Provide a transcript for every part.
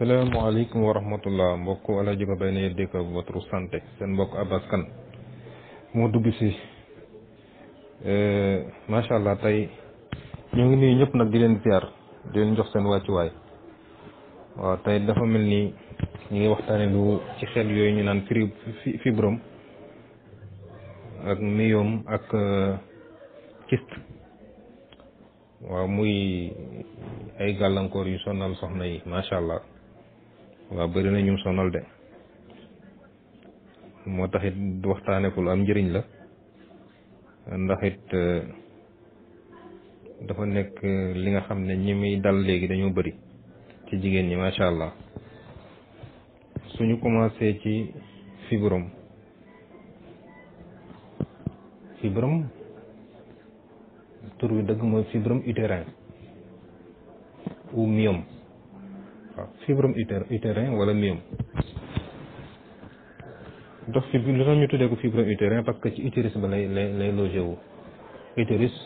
salaamaaleykum wa rahmatullah mbokk Alaaji Mbaye na dëkk votre santé seen mbokk Abass Kane moo dugg si eh, macha allah tey ñoo ngi nuyu ñëpp nag di leen ziar di leen jox seen wàccuwaay waaw tey dafa mel ni ñu ngi waxtaane lu ci xel yooyu ñu naan fri fibrom ak myome ak eh, kyste waaw muy ay gàllankoor yu sonal soxna yi macha allah. waaw bëri na ñum sonal de moo taxit waxtaane ko lu am njëriñ la ndaxit it euh, dafa nekk euh, li nga xam ne ñi muy dal léegi dañoo bëri ci jigéen ñi macha allah suñu commencé ci fibrom fibrom tur bi dëgg mooy fibrom utérin ou fibrome utérin wala myome dox fi lu tax ñu tuddee ko fibrome utérin parce que ci utérus ba lay lay lay logé wu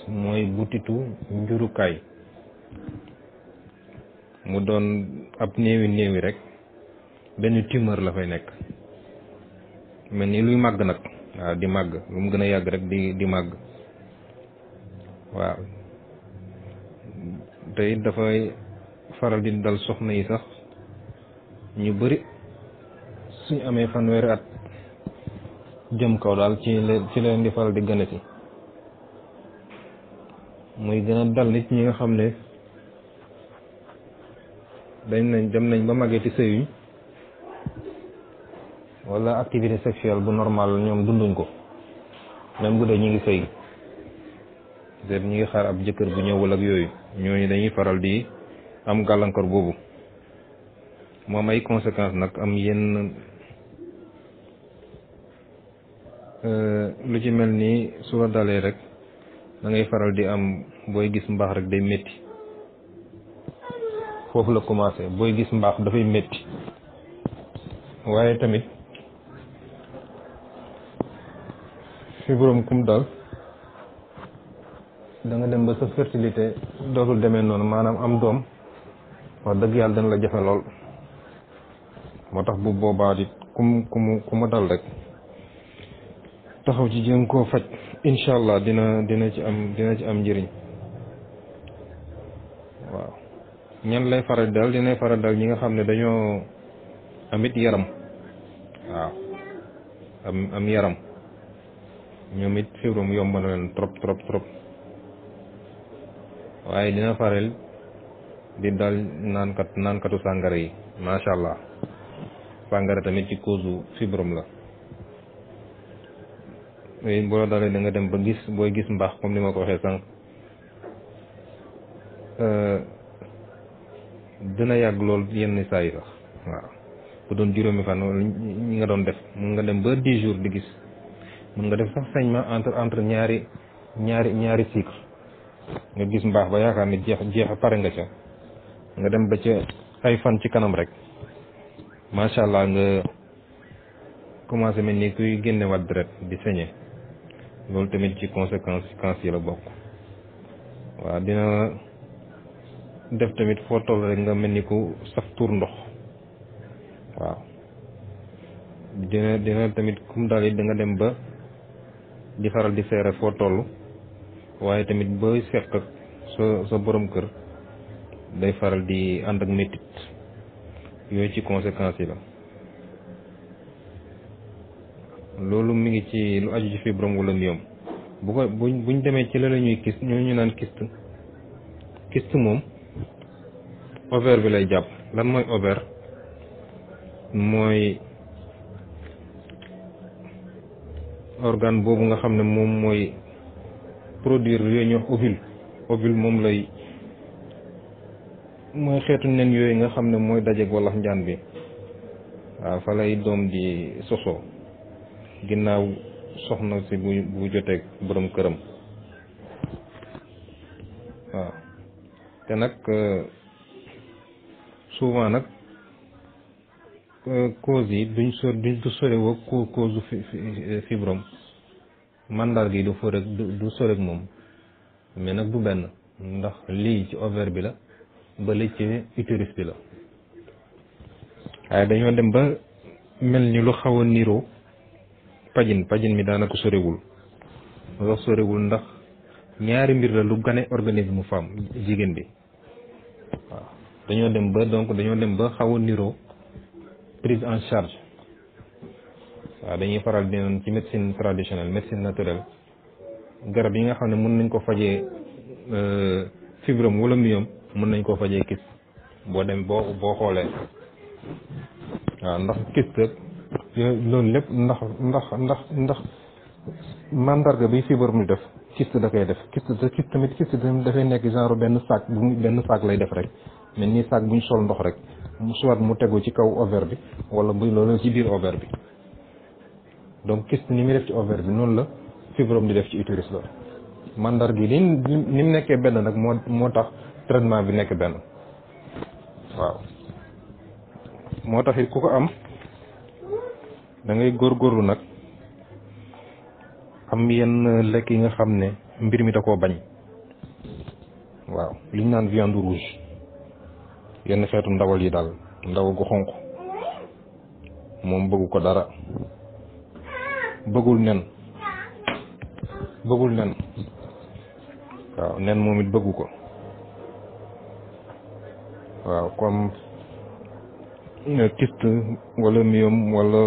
mooy butitu njurukaay mu doon ab néewi néewi rek benn tumeur la fay nekk mel ni luy màgg nag waaw di màgg lu mu gën a yàgg rek di di màgg waaw te dafay faral di dal soxna yi sax ñu bëri suñ amee fanweeri at jëm kaw daal ci leen di faral di gën si muy gën a dal nit ñi nga xam ne dañ nañ dem nañ ba màggee ci sëyuñ walla activité sexuelle bu normal ñoom dunduñ ko même bu dee ñu ngi sëy peut ngi xaar ab jëkkër bu ñëwul ak yooyu ñooñu dañuy faral di am gàllankoor boobu moom ay conséquences nag am yenn euh, lu ci mel nii su la dalee rek da ngay faral di am booy gis mbaax rek day métti foofu la commencé booy gis mbaax dafay metti waaye tamit fibrome kum dal da nga dem ba sa fertilité dootul demee noonu maanaam am doom waa dëgg yàlla dana la jafe lool moo tax bu boobaa di ku mu ku mu dal rek taxaw ci jëm koo faj incha allah dina dina ci am dina ci am njëriñ waaw ñan lay faral dal dinay faral dal ñi nga xam ne dañoo amit yaram waaw am am yaram ñoom it fibrom yomb na leen trop trop trop waaye dina faral di dal naankat naankatu sàngara yi macha allah sàngara tamit ci cause fibrom la bu la dalee da nga dem ba gis booy gis mbaax comme ni ma ko waxee sànq euh, dina yàgg lool yenn saa yi sax waaw bu doon juróomi fan ñi nga doon def mun nga dem ba dix jours di gis mun nga def sax saignement entre entre ñaari ñaari ñaari cycle nga gis mbaax ba yaakaar ne jeex jeex a pare nga ca nga dem ba ca ay fan ci kanam rek macha allah nga commencé mel ni kuy génnewaat deret di saigner loolu tamit ci conséquence yi la bokk waaw dina def tamit foo toll rek nga mel ni ku saf tour ndox waaw dina dina tamit comme daal it da dem ba di faral di seere foo toll waaye tamit ba seq sa sa borom kër day faral di ànd ak métit yooyu ci conséquences yi la loolu mu ngi ci lu aju ci fibrome wala myome bu ko buñ buñ demee ci la la ñuy kist ñoo ñu naan kist kist moom ovaire bi lay jàpp lan mooy ovaire mooy organe boobu nga xam ne moom mooy produire yooyu ñu wax ovule ovule moom lay mooy xeetu nen yooyu nga xam ne mooy dajeeg wallax njaan bi waa fa lay doom di sosoo ginnaaw soxna si bu bu joteeg borom këram waaw te nag euh, souvent nag euh, cause yi duñ so duñ du sorewoo ko cause fibrom mandar gi du fo rek du sorek moom mais nag du benn ndax lii ci ovaire bi la ba ci utérus bi la waaye dañoo dem ba mel ni lu xaw a niroo pajin pajin mi daanaka sorewul wax sorewul ndax ñaari mbir la lu gane organisme femme jigéen bi waaw dañoo dem ba donc dañoo dem ba xaw a niroo prise en charge waaw dañuy faral bi noon ci médecine traditionnelle médecine naturelle garab yi nga xam ne mën nañ ko fajee euh, fibrom wala miyom mën nañ koo fajee kyste boo dem boo boo xoolee waaw ndax kyste loolu lépp ndax ndax ndax ndax mandarga bi fibre mu def kyste da koy def kyste te tamit kyste tamit dafay nekk genre benn saak bu mu benn saak lay def rek mais nii sac buñ sol ndox rek mu soit mu tegu ci kaw ovaire bi wala bu loolu ci biir ovaire bi donc kyste ni muy def ci ovaire bi noonu la fibrome di def ci utérus la mandarga yi ni ni mu nekkee benn nag moo moo tax traitement bi nekk benn waaw moo tax ku ko am da góor góorgóorlu nag am yenn lekk yi nga xam ne mbir mi da koo bañ waaw li naan viande rouge yenn xeetu ndawal yi daal ndawal gu xonq moom bëggu ko dara bëggul nen bëggul nen waaw nen moom it bëggu ko waaw comme kyste wala myome wala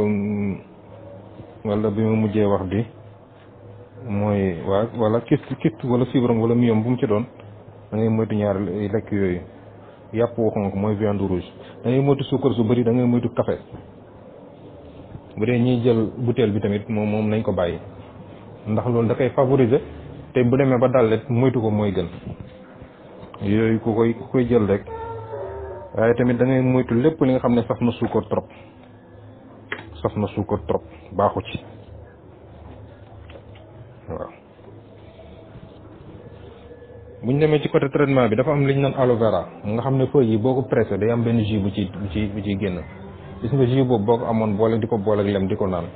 wala bi mu mujjee wax bi mooy waa wala kyste kyste wala fibrome wala myome bu mu ci doon da ngay moytu ñaar lekk yooyu yàpp waxoon ko mooy viande rouge da ngay moytu suukar su bëri da ngay moytu kafe bu dee ñiy jël butéel bi tamit moom moom nañ ko bàyyi ndax loolu da koy favoriser te bu demee ba dalet moytu ko mooy gën yooyu ku koy ku koy jël rek waaye tamit da ngay lépp li nga xam ne saf na suukar trop saf na suukar trop baaxu ci waaw bu ñu demee ci côté traitement bi dafa am liñ ñu naan aloe vera nga xam ne feuilles yi boo ko pressé day am benn jus bu ci bu ci bu ciy génn gis nga jus boobu boo ko amoon boole di ko boole ak lem di ko naan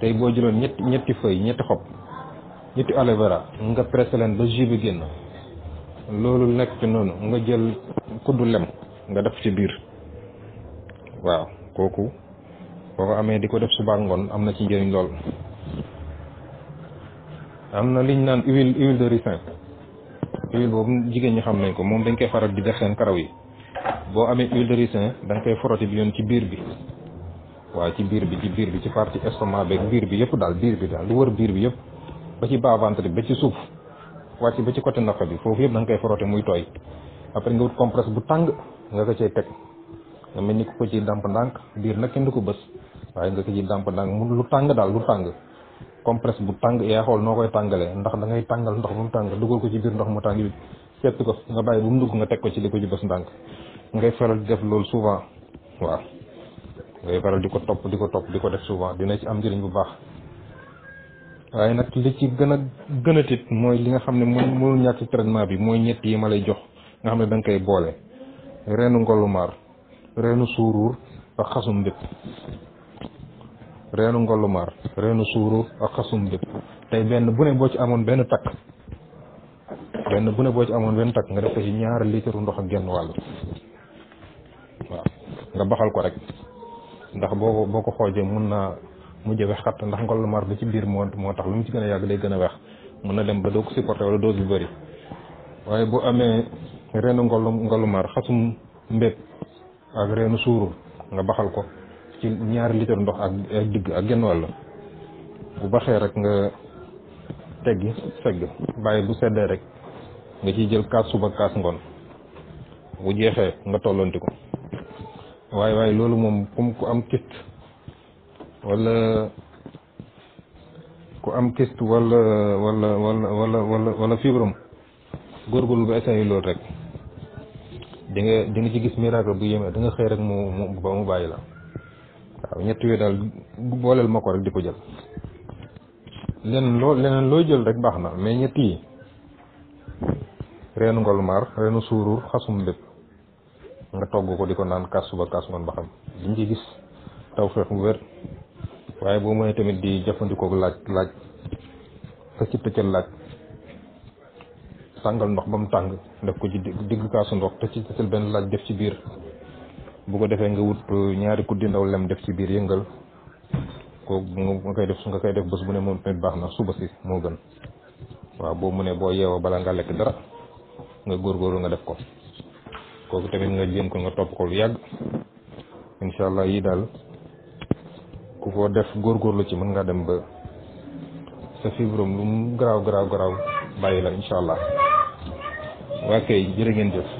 tey boo jëloon ñetti ñetti feuilles ñetti xob ñetti aloe vera nga pressé leen ba jus bi génn loolu nekk ci noonu nga jël kuddu lem nga def ci biir waaw kooku boo amee di ko def suba ngoon am na ci njëriñ lool am na liñ naan huile huile de ricin huile boobu jigéen ñi xam nañ ko moom dañ koy faral di def seen karaw yi boo amee huile de ricin da koy frotter bi yoon ci biir bi waaw ci biir bi ci biir bi ci partie estomac biir bi yëpp daal biir bi daal lu wër biir bi yëpp ba ci bas ventre ba ci suuf wàcc ba ci côté ndox bi foofu yëpp da koy frotter muy tooy après nga wut compresse bu tàng nga ko cay teg nga mel ni ko ko ci dàmp ndànk biir nag kenn du ko bës waaye nga ko dàmp ndànk mu lu tàng daal lu tàng compresse bu tàng yaa xool noo koy tàngalee ndax da ngay tàngal ndox ba mu tàng dugal ko ci biir ndox mu tàng bi seet ko nga bàyyi bu mu dugg nga teg ko ci li ko ci bës ndànk ngay faral di def loolu souvent waaw ngay faral di ko topp di ko topp di ko def souvent dina ci am njëriñ bu baax waaye nag li ci gën a gënatit mooy li nga xam ne mënul ñàkk traitement bi mooy ñett yi ma lay jox nga xam ne da koy boole reenu ngollumaar reenu suuruur ak xasum bépp reenu ngollumaar reenu suuruur ak xasum bépp tey benn bu ne boo ci amoon benn takk benn bu ne boo ci amoon benn takk nga def ko ci ñaari litre ndox ak genn wàll waaw nga baxal ko rek ndax boo ko boo ko xoojee mun naa mujj wex xatt ndax ngollumaar bi ci biir moo moo tax lu mu ci gën a yàgg day gën a weex mun na dem ba doo ko supporté wala dose bu bëri waaye bu amee reenu ngolu ngolumar xasum mbéb ak reenu suurur nga baxal ko ci ñaari litre ndox ak digg ak genn wàll bu baxee rek nga teggi segg bàyyi bu seddee rek nga ciy jël kaas suba kaas ngoon bu jeexee nga tollanti ko waaye waaye loolu moom comme ku am kist wala ku am kist wala wala wala wala wala wala fibrom góorgóorlu ba essayé loolu rek di nga di nga ci gis miracle bu yéeme da nga xëy rek mu mu ba mu bàyyi la waaw ñett yooyu daal booleel ma ko rek di ko jël leneen loo leneen looy jël rek baax na mais ñetti yi reenu ngolmaar reenu suurur xasum bépp nga togg ko di ko naan kaas suba kaas ngoon ba xam liñ ci gis taw feex mu wér waaye boo mënee tamit di jëfandikook laaj laaj sa ci tëccal laaj tàngal ndox ba mu tàng def ko ci digg kaasu ndox te ci desel benn laaj def ci biir bu ko defee nga wut euh, ñaari kuddi ndaw lem def ci biir yëngal ko nga koy def su nga koy def bés bu ne moom tamit baax na suba si moo gën waaw boo mu ne boo yeewoo balaa nga lekk dara nga góor góorgóorlu nga def ko kooku tamit nga jéem ko nga topp ko lu yàgg incha allah yii daal ku ko def góor góorgóorlu ci mën ngaa dem ba sa fibrom lu mu garaaw garaaw garaaw bàyyi la incha allah waa kay jërë ngeen jëf.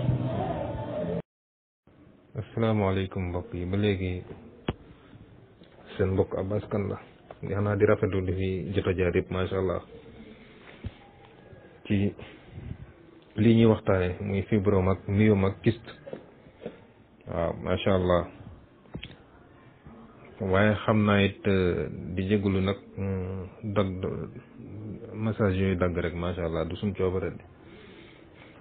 asalaamaaleykum mbokk yi ba léegi seen mbokk Abbas Kane la di xanaa di rafetlu li fi jot a jaar yëpp macha allah ci lii ñuy waxtaane muy fibrome ak myome ak kyste waaw macha allah waaye xam naa it euh, di jégalu nag mm, dagg message yooyu dagg rek macha allah du suñ coobare de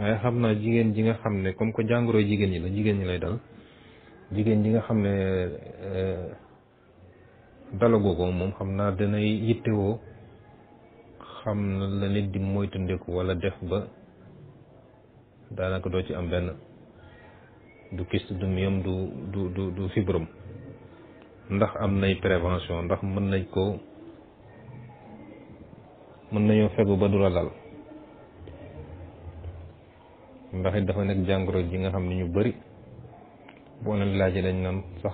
waaye xam naa jigéen ji nga xam ne comme que jàngoro jigéen yi la jigéen ñi lay dal jigéen ji nga xam ne euh, dalagu ko moom xam naa danay yittewoo xam na la nit di moytandiku wala def ba daanaka doo ci am benn du kyste du myome du du du du fibrome ndax am nay prévention ndax mën nañ koo mën nañoo fegu ba du la dal ndax dafa nekk jàngoro ji nga xam ne ñu bëri boo leen laajee dañ naan sax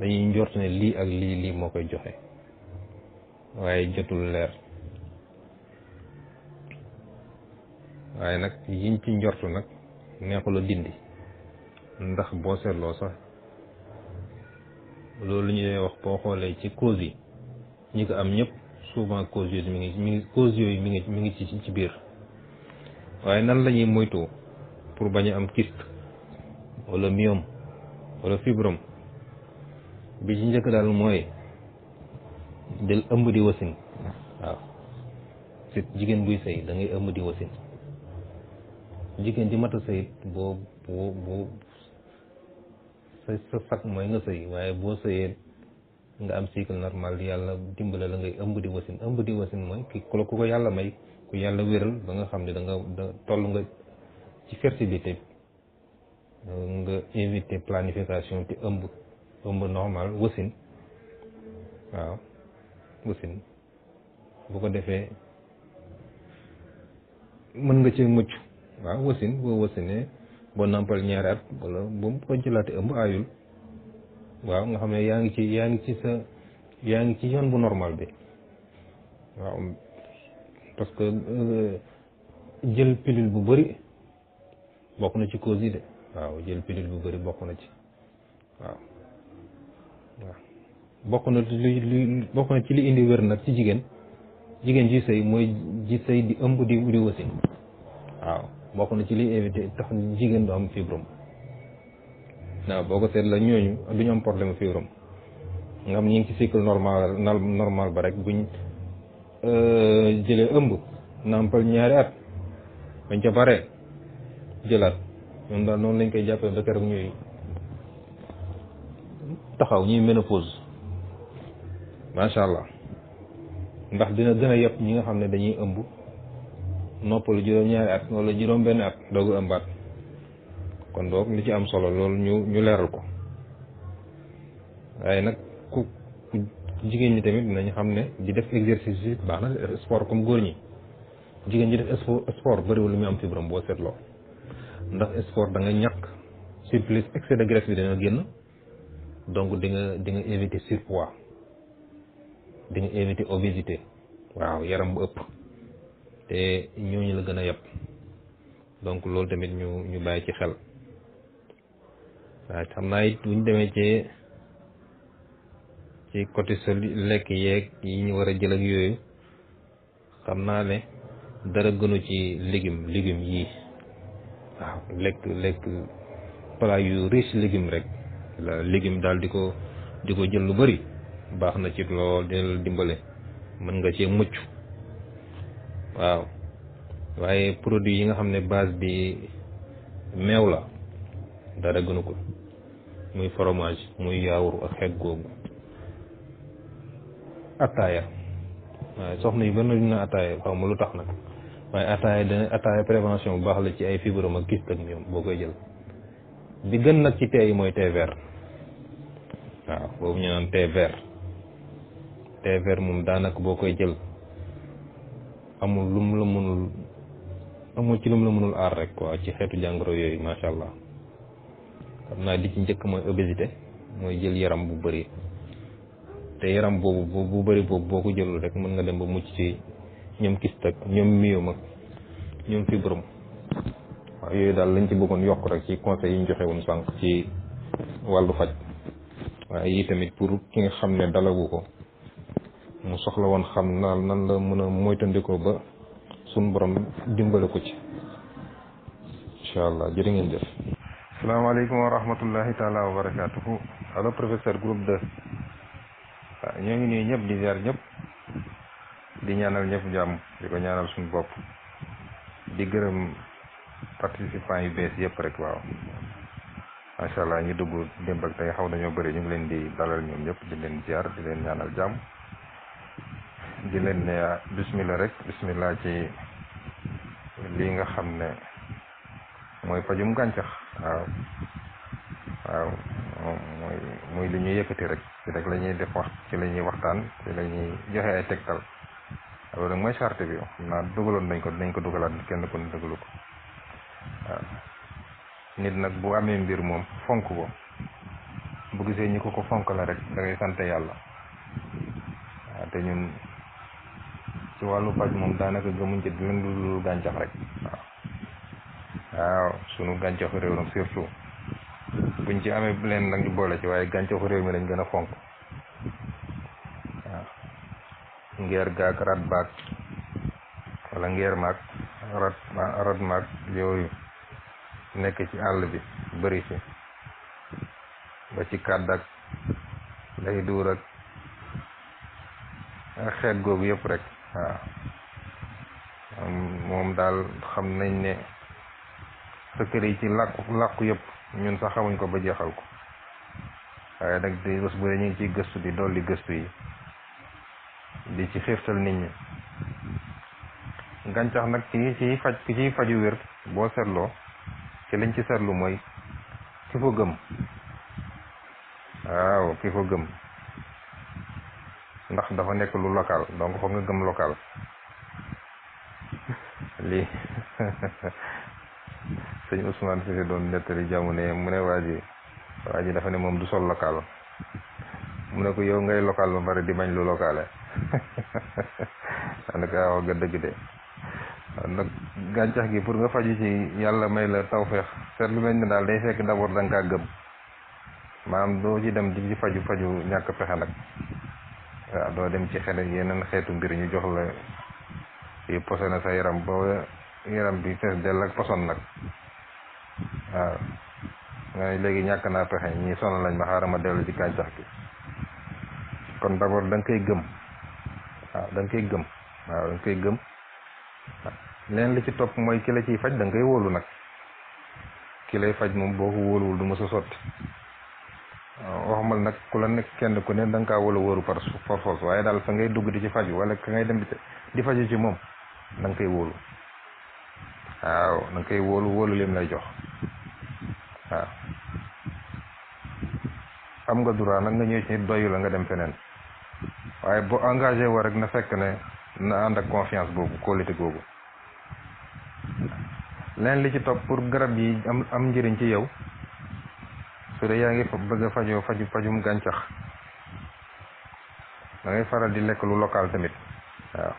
dañuy njort ne lii ak lii lii moo koy joxe waaye jotul leer waaye nag yiñ ci njortu nag neexula dindi ndax boo seetloo sax loolu ñuy wax boo xoolee ci cause yi ñi ko am ñëpp souvent cause yooyu mu ngi mu ngi yooyu mi ngi mi ngi ci ci biir waaye nan la ñuy moytoo pour bañ a am kyste wala myome wala fibrome bi ci njëkk daal mooy del ëmb di wasin waaw sit jigéen buy sëy da ngay ëmb di wasin jigéen ji mat a sëyit boo boo boo sa sa sag mooy nga sëy waaye boo sëyee nga am cycle normal yàlla dimbale la ngay ëmb di wasin ëmb di wasin mooy ki ku ko yàlla may ku yàlla wéral ba nga xam ne da nga toll nga ci fertilité nga éviter planification te ëmb ëmb normal wasin waaw wasin bu ko defee mën nga cee mucc waaw wasin boo wasinee boo nampal ñaari at wala boo ko jëlaate ëmb aayul waaw nga xam ne yaa ngi ci yaa ngi ci sa yaa ngi ci yoon bu normal bi waaw parce que euh, jël pilule bu bari bokk na ci cause yi de waaw jël pilule bu bari bokk na ci waaw bokk na li li ci li indi wér nag ci jigéen jigéen ji sëy mooy ji sëy di ëmb di di wasin waaw bokk na ci li évité tax jigéen du am fibrome waaw boo ko seet la ñooñu du ñu am problème fibrome nga xam ñu ngi ci cycle normal normal ba rek buñ Eh, jëlee ëmb nàmpal ñaari at bañ ca pare jëlaat ñoom daal noonu lañ koy jàppee ba keroog ñuy taxaw ñuy ménopause macha allah ndax dina gën a yëpp ñi nga xam ne dañuy ëmb noppalu juróom-ñaari at wala juróom-benn at doogu ëmbaat kon doog li ci am solo loolu ñu ñu leeral ko waaye nag jigéen ñi tamit nañ xam ne di def exercice yi baax na def euh, sport comme góor ñi jigéen ji def sport bëriwul lu muy am fibrom boo seetloo ndax sport da nga ñàkk surplus excès de graisse bi dana génn donc di nga di nga éviter surpoids di nga éviter obésité waaw yaram bu ëpp te ñooñu la gën a yab donc loolu tamit ñu ñu bàyyi ci xel waaye xam naa it bu demee ci ci côté sa lekk yeeg yi ñu war a jël ak yooyu xam naa ne dara gënu ci légume légume yii waaw lekk lekk plat yu riche légume rek la légume daal di ko di ko jël lu bari baax na ci lool dina la dimbale mën nga cee mucc waaw waaye produit yi nga xam ne base bi meew la dara gënu ko muy fromage muy yaawur ak xeet googu attaaya waaye soxna yi bëri na attaaya xaw ma lu tax nag waaye attaaya dana attaaya prévention bu baax la ci ay fibrom ak kyste ak ñoom boo koy jël bi gën nag ci tee mooy thé vert waaw boobu ñu naan thé vert thé vert moom daanaka boo koy jël amul lum la mënul amul ci lum la mënul aar rek waaw ci xeetu jàngoro yooyu macha allah xam naa di ci njëkk mooy obésité mooy jël yaram bu bari te yaram boobu bu bari boobu boo ko jëlul rek mën nga dem ba mucc ci ñoom kist ak ñoom miyom ak ñoom borom waaw yooyu daal lañ ci bëggoon yokk rek ci conseil yi ñu joxe woon sànq ci wàllu faj waaye yi tamit pour ki nga xam ne dalagu ko mu soxla woon xam naal nan la mën a moytandikoo ba suñ borom dimbale ko ci incha allah jërë ngeen jëf salaamaaleykum wa rahmatullahi taala wa barakatuhu allo professeur groupe waaw ñoo ngi nuyu ñëpp di ziar ñëpp di ñaanal ñëpp jàmm di ko ñaanal suñu bopp di gërëm participants yu bees yëpp rek waaw macha allah ñu dugg démb ak tey xaw nañoo bari ñu ngi leen di dalal ñoom ñëpp di leen jaar di leen ñaanal jàmm di leen ne ah, bismillah rek bismillah ci lii nga xam ne mooy pajum gàncax waaw waaw moom mooy lu ñuy yëkkati rek ci rek la ñuy def wax ci lañuy ñuy waxtaan ci la ñuy joxe ay tegtal loolu nag mooy charte bi xam naa dugaloon nañ ko dinañ ko dugalaat kenn ko ne dugalu nit nag bu amee mbir moom fonk ko bu gisee ñu ko ko fonk la rek da ngay sant yàlla waaw te ñun ci wàllu paj moom daanaka gëmuñ ci dinañ lu gàncax rek waaw sunu gàncax réew nag surtout buñ ci amee leen nag ñu boole ci waaye gàncaxu réew mi lañ gën a fonk waaw ngeer gaak rat baak wala ngeer maak rat rat yooyu nekk ci àll bi bëri fi ba ci kàdd ak lay duur ak xeet googu yëpp rek waaw moom daal xam nañ ne sa kër yi ci làkku làkku yépp ñun sax xamuñ ko ba jeexal ko waaye nag di bés bu ne ñu ngi gëstu di dolli gëstu yi di ci xiiftal nit ñi gàncax nag ci ciy faj ki ciy faju wér boo seetloo ci lañ ci seetlu mooy ki ko gëm waaw ki ko gëm ndax dafa nekk lu local donc foog nga gëm local lii sëñ Ousmane Cissé doon nettali jàmm ne mu ne waa ji waa ji dafa ne moom du sol local mu ne ko yow ngay local ba pare di bañ lu locale en tout wax nga dëgg de nag gàncax gi pour nga faju ci yàlla may la tawféex seetlu nañ ne daal day fekk d'abord da nga kaa gëm maanaam doo ci dem di ci faju faju ñàkk pexe nag waaw doo dem ci xene yeneen xeetu mbir ñu jox la yu posone sa yaram boo yaram bi fees dell ak poson nag waaw nga ne léegi ñàkk naa pexe ñi sonal lañ ma xaaral ma dellu ci gàncax gi kon d'abord da nga koy gëm waaw da nga koy gëm waaw koy gëm leen li ci topp mooy ki la ciy faj da kay koy wóolu nag ki lay faj moom boo ko wóoluwul du ma sa sotti waxumal nag ku la nekk kenn ku ne da kay kaa wóolu par par force waaye daal fa ngay dugg di ci faju wala ka dem di faju ci moom da koy wóolu waaw koy wóolu wóolu lim lay jox waaw am nga droit nag nga ñëw ci nit doyu la nga dem feneen waaye boo engagé woo rek na fekk ne na ànd ak confiance boobu qualité boobu len li ci topp pour garab yi am am njëriñ ci yow su dee yaa ngi bëgg a fajoo faju fajum gàncax da ngay faral di lekk lu local tamit waaw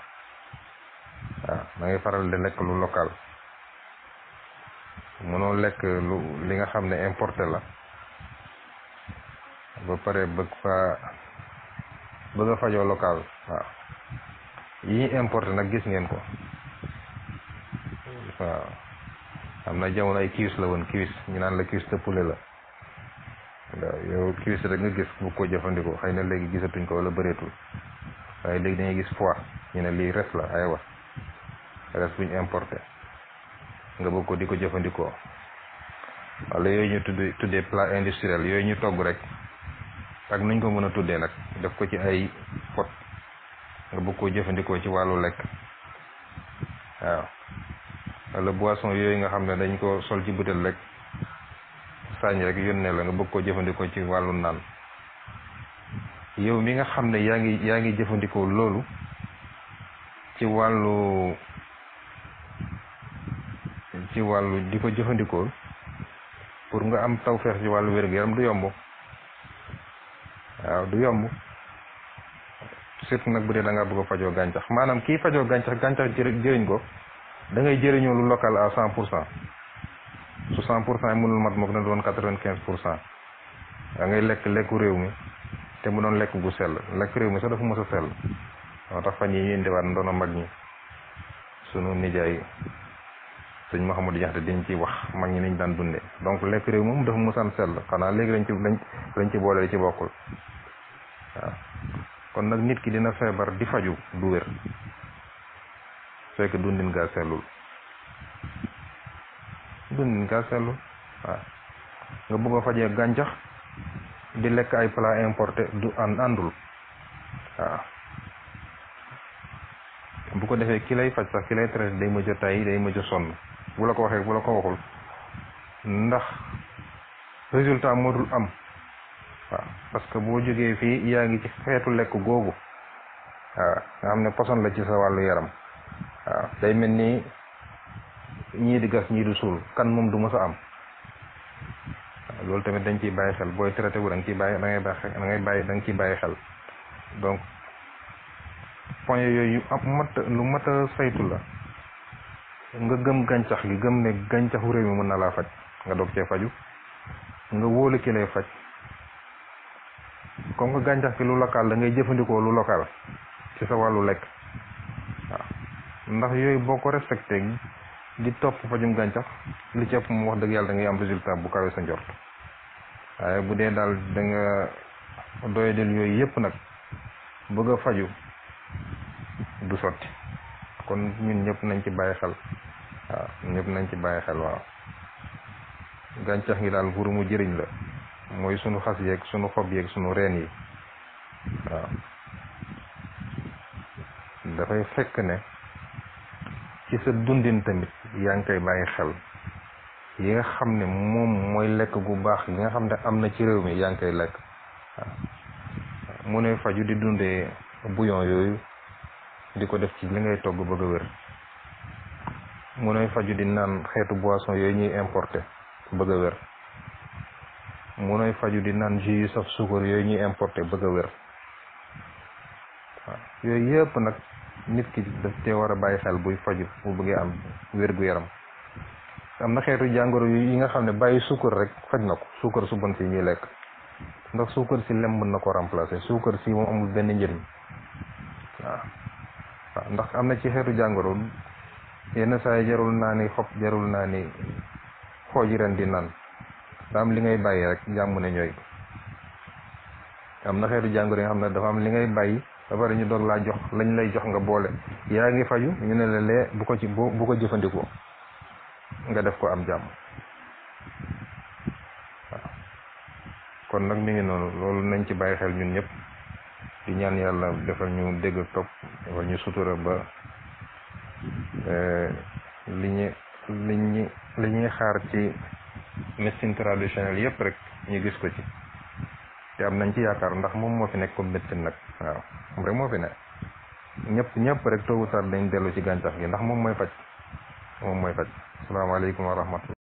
waaw da ngay faral di lekk lu local mënoo lekk lu li nga xam ne importé la ba pare bëgg fa bëgg a fajoo local yi importé nag gis ngeen ko waaw am na jamono ay kiwis la woon kiwis ñu naan la kiwis te la waaw yow kiwis rek nga gis bu ko jëfandikoo xay na léegi gisatuñ ko wala bëreetul waaye léegi dañuy gis foie ñu ne lii res la aywa res buñ importé nga bëgg ko di ko jëfandikoo wala yooyu ñu tudd tuddee plat industriel yooyu ñu togg rek ak nuñ ko mën a tuddee nag def ko ci ay pot nga bëgg koo jëfandikoo ci wàllu lekk waaw wala boisson yooyu nga xam ne dañ ko sol ci butel rek sàññ rek yónnee la nga bëgg koo jëfandikoo ci wàllu naan yow mi nga xam ne yaa ngi yaa ngi jëfandikoo loolu ci wàllu ci wàllu di ko jëfandikoo pour nga am feex ci wàllu wér-gu-yaram du yomb waaw du yomb surtout nag bu dee da ngaa bëgg a fajoo gàncax maanaam kii fajoo gàncax gàncax jëriñ ko da ngay jëriñoo lu local à cent pour cent su cent pour cent yi mënul mat mook na doon quatre vingt quinze pour cent da ngay lekk lekku réew mi te mu doon lekk gu sell lekk réew mi sax dafa mos a sell moo tax fan yi ñuy indiwaat ndono mag ñi sunu nijaay sëñ Mouhamadou Diakhaté dañ ciy wax mag ñi nañ daan dunde donc lekk réew moom dafa musaan sell xanaa léegi lañ ci lañ lañ ci boole ci bokkul waaw kon nag nit ki dina feebar di faju du wér fekk dundin gaa sellul dundin nga bëgg a fajee gàncax di lekk ay plat importé du an àndul waaw bu ko defee ki lay faj sax ki lay day mujj a tàyyi day mujj sonn bu la ko waxee bu la ko waxul ndax résultat moo dul am waa parce que boo jógee fii yaa ngi ci xeetu lekk googu waaw nga xam ne poson la ci sa wàllu yaram waaw day mel ni ñii di gas ñii di suul kan moom du mës a am loolu tamit dañ ciy bàyyi xel booy traité wu da nga bàyyi da ngay bàyyi da ngay bàyyi da ciy bàyyi xel donc point yooyu am mat lu mat a saytu la nga gëm gàncax gi gëm ne gàncaxu réew mi mën na laa faj nga doog cee faju nga wóolu ki lay faj comme que gàncax gi lu local da ngay jëfandikoo lu local ci sa wàllu lekk waaw ndax yooyu boo ko respecté di topp fajum gàncax lu ci ëpp wax dëgg yàlla da am résultat bu kawe sa njort waaye bu dee daal da doy del yooyu yépp nag bëgg a faju du sotti kon ñun ñëpp nañ ci bàyyi xel waaw ñëpp nañ ci bàyyi xel waaw gàncax gi daal pour mu jëriñ la mooy sunu xas yeeg sunu xob yeeg sunu reen yi waaw dafay fekk ne ci sa dundin tamit yaa ngi koy bàyyi xel yi nga xam ne moom mooy lekk gu baax yi nga xam ne am na ci réew mi yaa ngi koy lekk waaw mu ne faju di dundee bouillon yooyu di ko def ci li ngay togg bëgg a wér mu nooy faju di naan xeetu boisson yooyu ñuy importé bëgg a wér di naan jus yu saf suukar yooyu ñuy importé bëgg wér waaw yooyu yëpp nag nit ki daf cee war a bàyyi xel buy faju bu bëggee am wér gu yaram am na xeetu jàngoro yi nga xam ne bàyyi suukar rek faj na ko suukar su bon si ñuy lekk ndax suukar si lem mën na ko remplacer suukar si moom amul benn njëriñ waaw ndax am na ci xeetu jàngoro yenn saa jarul naa ni xob jarul naa ni xooji ren di naan daa li ngay bàyyi rek jàmm ne ñooy am na xeetu jàngoro yi xam ne dafa am li ngay bàyyi ba pare ñu doog laa jox lañ lay jox nga boole yaa ngi faju ñu ne la lee bu ko ci bu ko jëfandikoo nga def ko am jàmm kon nag mi ngi noonu loolu nañ ci bàyyi xel ñun ñëpp di ñaan yàlla defal ñu dégg ak topp defal ñu sutura ba eh, li ñu li ñu ñuy xaar ci médecine traditionnelle yëpp rek ñu gis ko ci te am nañ ci yaakaar ndax moom moo fi nekk comme médecine nag waaw moom moo fi ne ñëpp ñëpp rek toogu tar dañ dellu ci gàncax gi ndax moom mooy faj moom mooy faj asalaamaaleykum wa rahmatullah